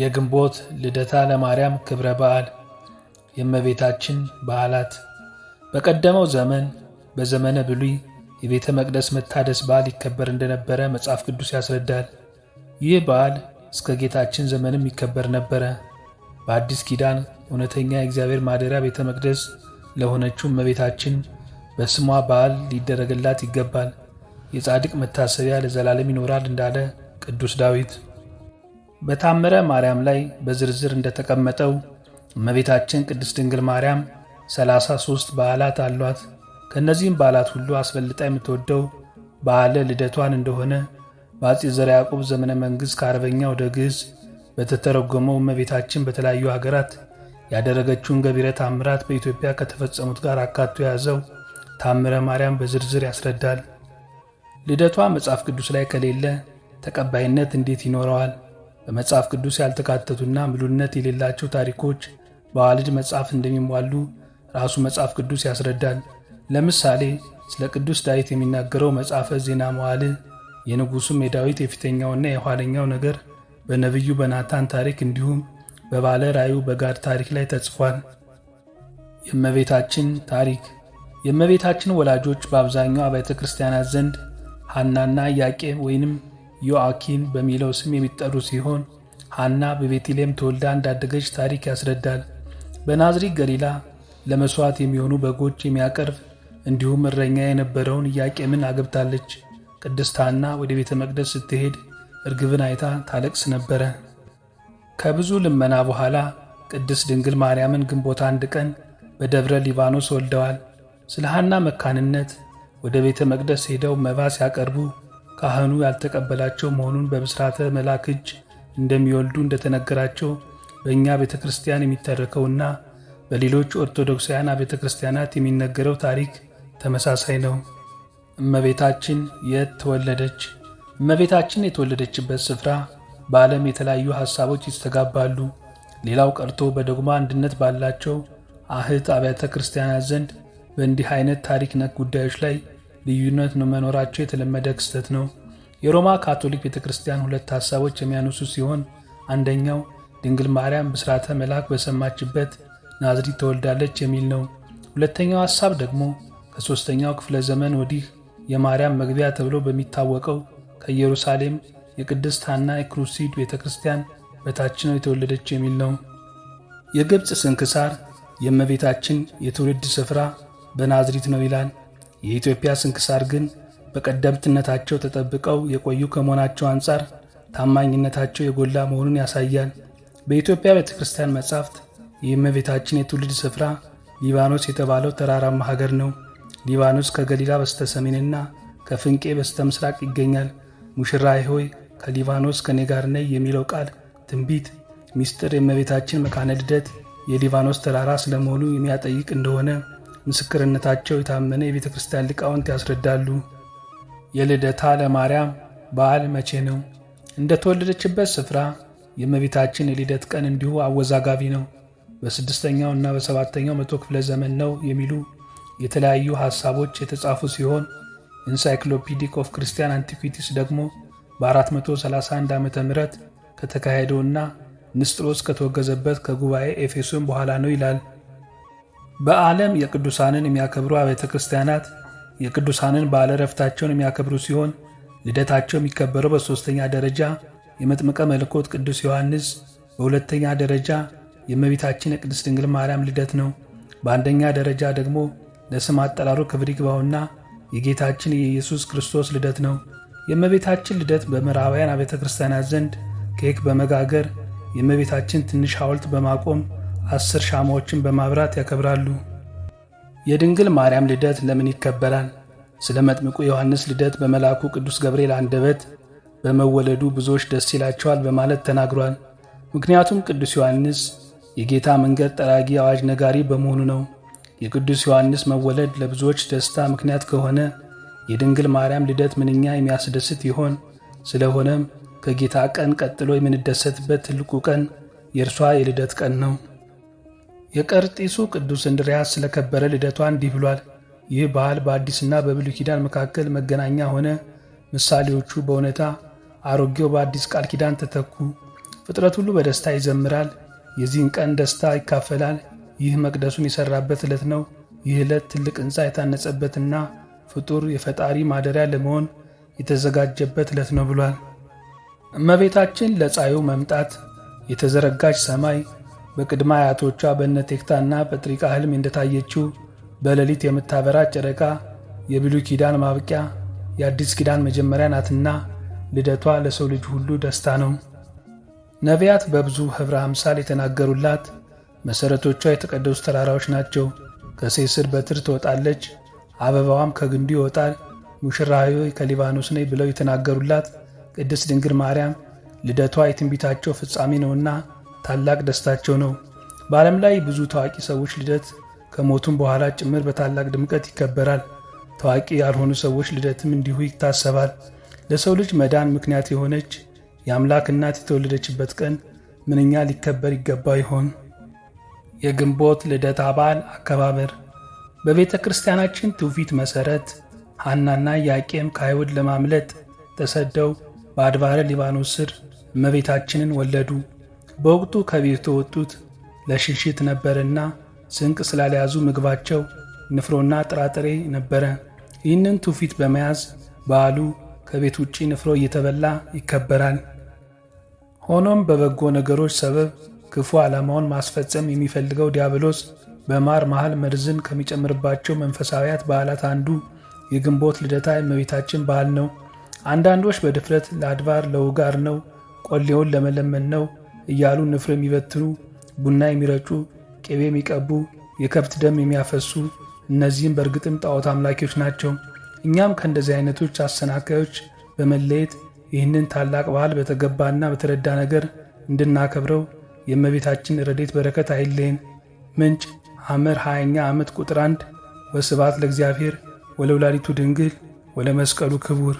የግንቦት ልደታ ለማርያም ክብረ በዓል የእመቤታችን በዓላት በቀደመው ዘመን በዘመነ ብሉይ የቤተ መቅደስ መታደስ በዓል ይከበር እንደነበረ መጽሐፍ ቅዱስ ያስረዳል። ይህ በዓል እስከ ጌታችን ዘመንም ይከበር ነበረ። በአዲስ ኪዳን እውነተኛ የእግዚአብሔር ማደሪያ ቤተ መቅደስ ለሆነችው እመቤታችን በስሟ በዓል ሊደረግላት ይገባል። የጻድቅ መታሰቢያ ለዘላለም ይኖራል እንዳለ ቅዱስ ዳዊት በታምረ ማርያም ላይ በዝርዝር እንደተቀመጠው እመቤታችን ቅድስት ድንግል ማርያም 33 በዓላት አሏት። ከእነዚህም በዓላት ሁሉ አስበልጣ የምትወደው በዓለ ልደቷን እንደሆነ በአጼ ዘርዓ ያዕቆብ ዘመነ መንግሥት ከአረበኛ ወደ ግዕዝ በተተረጎመው እመቤታችን በተለያዩ ሀገራት ያደረገችውን ገቢረ ታምራት በኢትዮጵያ ከተፈጸሙት ጋር አካቶ የያዘው ታምረ ማርያም በዝርዝር ያስረዳል። ልደቷ መጽሐፍ ቅዱስ ላይ ከሌለ ተቀባይነት እንዴት ይኖረዋል? በመጽሐፍ ቅዱስ ያልተካተቱና ምሉነት የሌላቸው ታሪኮች በዋልድ መጽሐፍ እንደሚሟሉ ራሱ መጽሐፍ ቅዱስ ያስረዳል። ለምሳሌ ስለ ቅዱስ ዳዊት የሚናገረው መጽሐፈ ዜና መዋዕል የንጉሱም የዳዊት የፊተኛውና የኋለኛው ነገር በነቢዩ በናታን ታሪክ እንዲሁም በባለ ራዩ በጋድ ታሪክ ላይ ተጽፏል። የእመቤታችን ታሪክ የእመቤታችን ወላጆች በአብዛኛው አብያተ ክርስቲያናት ዘንድ ሐናና ያቄ ወይንም ዮአኪን በሚለው ስም የሚጠሩ ሲሆን ሐና በቤተልሔም ተወልዳ እንዳደገች ታሪክ ያስረዳል። በናዝሪ ገሊላ ለመሥዋዕት የሚሆኑ በጎች የሚያቀርብ እንዲሁም እረኛ የነበረውን ኢያቄምን አገብታለች። ቅድስት ሐና ወደ ቤተ መቅደስ ስትሄድ እርግብን አይታ ታለቅስ ነበረ። ከብዙ ልመና በኋላ ቅድስት ድንግል ማርያምን ግንቦት አንድ ቀን በደብረ ሊባኖስ ወልደዋል። ስለ ሐና መካንነት ወደ ቤተ መቅደስ ሄደው መባ ሲያቀርቡ ካህኑ ያልተቀበላቸው መሆኑን በብስራተ መልአክ እጅ እንደሚወልዱ እንደተነገራቸው በእኛ ቤተ ክርስቲያን የሚተረከውና በሌሎች ኦርቶዶክሳውያን ቤተ ክርስቲያናት የሚነገረው ታሪክ ተመሳሳይ ነው። እመቤታችን የት ተወለደች? እመቤታችን የተወለደችበት ስፍራ በዓለም የተለያዩ ሐሳቦች ይስተጋባሉ። ሌላው ቀርቶ በደግሞ አንድነት ባላቸው አህት አብያተ ክርስቲያናት ዘንድ በእንዲህ አይነት ታሪክ ነክ ጉዳዮች ላይ ልዩነት መኖራቸው የተለመደ ክስተት ነው። የሮማ ካቶሊክ ቤተ ክርስቲያን ሁለት ሐሳቦች የሚያነሱ ሲሆን አንደኛው ድንግል ማርያም ብስራተ መልአክ በሰማችበት ናዝሪት ተወልዳለች የሚል ነው። ሁለተኛው ሐሳብ ደግሞ ከሦስተኛው ክፍለ ዘመን ወዲህ የማርያም መግቢያ ተብሎ በሚታወቀው ከኢየሩሳሌም የቅድስት ሐና የክሩሲድ ቤተ ክርስቲያን በታች ነው የተወለደች የሚል ነው። የግብፅ ስንክሳር የእመቤታችን የትውልድ ስፍራ በናዝሪት ነው ይላል። የኢትዮጵያ ስንክሳር ግን በቀደምትነታቸው ተጠብቀው የቆዩ ከመሆናቸው አንጻር ታማኝነታቸው የጎላ መሆኑን ያሳያል። በኢትዮጵያ ቤተ ክርስቲያን መጻሕፍት የእመቤታችን የትውልድ ስፍራ ሊባኖስ የተባለው ተራራማ ሀገር ነው። ሊባኖስ ከገሊላ በስተ ሰሜንና ከፍንቄ በስተ ምስራቅ ይገኛል። ሙሽራዬ ሆይ ከሊባኖስ ከኔ ጋር ነይ የሚለው ቃል ትንቢት ሚስጥር የእመቤታችን መካነ ልደት የሊባኖስ ተራራ ስለመሆኑ የሚያጠይቅ እንደሆነ ምስክርነታቸው የታመነ የቤተ ክርስቲያን ሊቃውንት ያስረዳሉ። የልደታ ለማርያም በዓል መቼ ነው? እንደተወለደችበት ስፍራ የእመቤታችን የልደት ቀን እንዲሁ አወዛጋቢ ነው። በስድስተኛው እና በሰባተኛው መቶ ክፍለ ዘመን ነው የሚሉ የተለያዩ ሐሳቦች የተጻፉ ሲሆን ኢንሳይክሎፒዲክ ኦፍ ክርስቲያን አንቲኩቲስ ደግሞ በ431 ዓ ም ከተካሄደውና ንስጥሮስ ከተወገዘበት ከጉባኤ ኤፌሶን በኋላ ነው ይላል። በዓለም የቅዱሳንን የሚያከብሩ አብያተ ክርስቲያናት የቅዱሳንን በዓለ ዕረፍታቸውን የሚያከብሩ ሲሆን ልደታቸው የሚከበረው በሦስተኛ ደረጃ የመጥምቀ መለኮት ቅዱስ ዮሐንስ፣ በሁለተኛ ደረጃ የእመቤታችን የቅድስት ድንግል ማርያም ልደት ነው። በአንደኛ ደረጃ ደግሞ ለስም አጠራሩ ክብር ይግባውና የጌታችን የኢየሱስ ክርስቶስ ልደት ነው። የእመቤታችን ልደት በምዕራባውያን አብያተ ክርስቲያናት ዘንድ ኬክ በመጋገር የእመቤታችን ትንሽ ሐውልት በማቆም አስር ሻማዎችን በማብራት ያከብራሉ። የድንግል ማርያም ልደት ለምን ይከበራል? ስለ መጥምቁ ዮሐንስ ልደት በመልአኩ ቅዱስ ገብርኤል አንደበት በመወለዱ ብዙዎች ደስ ይላቸዋል በማለት ተናግሯል። ምክንያቱም ቅዱስ ዮሐንስ የጌታ መንገድ ጠራጊ አዋጅ ነጋሪ በመሆኑ ነው። የቅዱስ ዮሐንስ መወለድ ለብዙዎች ደስታ ምክንያት ከሆነ የድንግል ማርያም ልደት ምንኛ የሚያስደስት ይሆን? ስለሆነም ከጌታ ቀን ቀጥሎ የምንደሰትበት ትልቁ ቀን የእርሷ የልደት ቀን ነው። የቀርጢሱ ቅዱስ እንድርያስ ስለከበረ ልደቷ እንዲህ ብሏል። ይህ በዓል በአዲስና በብሉይ ኪዳን መካከል መገናኛ ሆነ። ምሳሌዎቹ በእውነታ አሮጌው በአዲስ ቃል ኪዳን ተተኩ። ፍጥረት ሁሉ በደስታ ይዘምራል፣ የዚህን ቀን ደስታ ይካፈላል። ይህ መቅደሱን የሠራበት ዕለት ነው። ይህ ዕለት ትልቅ ሕንፃ የታነጸበትና ፍጡር የፈጣሪ ማደሪያ ለመሆን የተዘጋጀበት ዕለት ነው ብሏል። እመቤታችን ለፀሐዩ መምጣት የተዘረጋች ሰማይ በቅድመ አያቶቿ በእነ ቴክታና በጥሪቃ ህልም እንደታየችው በሌሊት የምታበራ ጨረቃ የብሉይ ኪዳን ማብቂያ የአዲስ ኪዳን መጀመሪያ ናትና ልደቷ ለሰው ልጅ ሁሉ ደስታ ነው። ነቢያት በብዙ ኅብረ አምሳል የተናገሩላት መሠረቶቿ የተቀደሱ ተራራዎች ናቸው። ከሴት ስር በትር ትወጣለች፣ አበባዋም ከግንዱ ይወጣል። ሙሽራዮ ከሊባኖስ ነይ ብለው የተናገሩላት ቅድስት ድንግል ማርያም ልደቷ የትንቢታቸው ፍጻሜ ነውና ታላቅ ደስታቸው ነው። በዓለም ላይ ብዙ ታዋቂ ሰዎች ልደት ከሞቱም በኋላ ጭምር በታላቅ ድምቀት ይከበራል። ታዋቂ ያልሆኑ ሰዎች ልደትም እንዲሁ ይታሰባል። ለሰው ልጅ መዳን ምክንያት የሆነች የአምላክ እናት የተወለደችበት ቀን ምንኛ ሊከበር ይገባ ይሆን? የግንቦት ልደታ በዓል አከባበር በቤተ ክርስቲያናችን ትውፊት መሠረት ሐናና ያቄም ከአይሁድ ለማምለጥ ተሰደው በአድባረ ሊባኖስ ስር እመቤታችንን ወለዱ። በወቅቱ ከቤት የተወጡት ለሽሽት ነበርና ስንቅ ስላልያዙ ምግባቸው ንፍሮና ጥራጥሬ ነበረ። ይህንን ትውፊት በመያዝ በዓሉ ከቤት ውጪ ንፍሮ እየተበላ ይከበራል። ሆኖም በበጎ ነገሮች ሰበብ ክፉ ዓላማውን ማስፈጸም የሚፈልገው ዲያብሎስ በማር መሃል መርዝን ከሚጨምርባቸው መንፈሳዊያት በዓላት አንዱ የግንቦት ልደታ የእመቤታችን በዓል ነው። አንዳንዶች በድፍረት ለአድባር ለውጋር ነው፣ ቆሌውን ለመለመን ነው እያሉ ንፍር የሚበትኑ፣ ቡና የሚረጩ፣ ቅቤ የሚቀቡ፣ የከብት ደም የሚያፈሱ እነዚህም በእርግጥም ጣዖት አምላኪዎች ናቸው። እኛም ከእንደዚህ አይነቶች አሰናካዮች በመለየት ይህንን ታላቅ በዓል በተገባና በተረዳ ነገር እንድናከብረው የእመቤታችን ረዴት በረከት አይለን ምንጭ ሐመር 20ኛ ዓመት ቁጥር 1 ወስብሐት ለእግዚአብሔር ወለወላዲቱ ድንግል ወለመስቀሉ ክቡር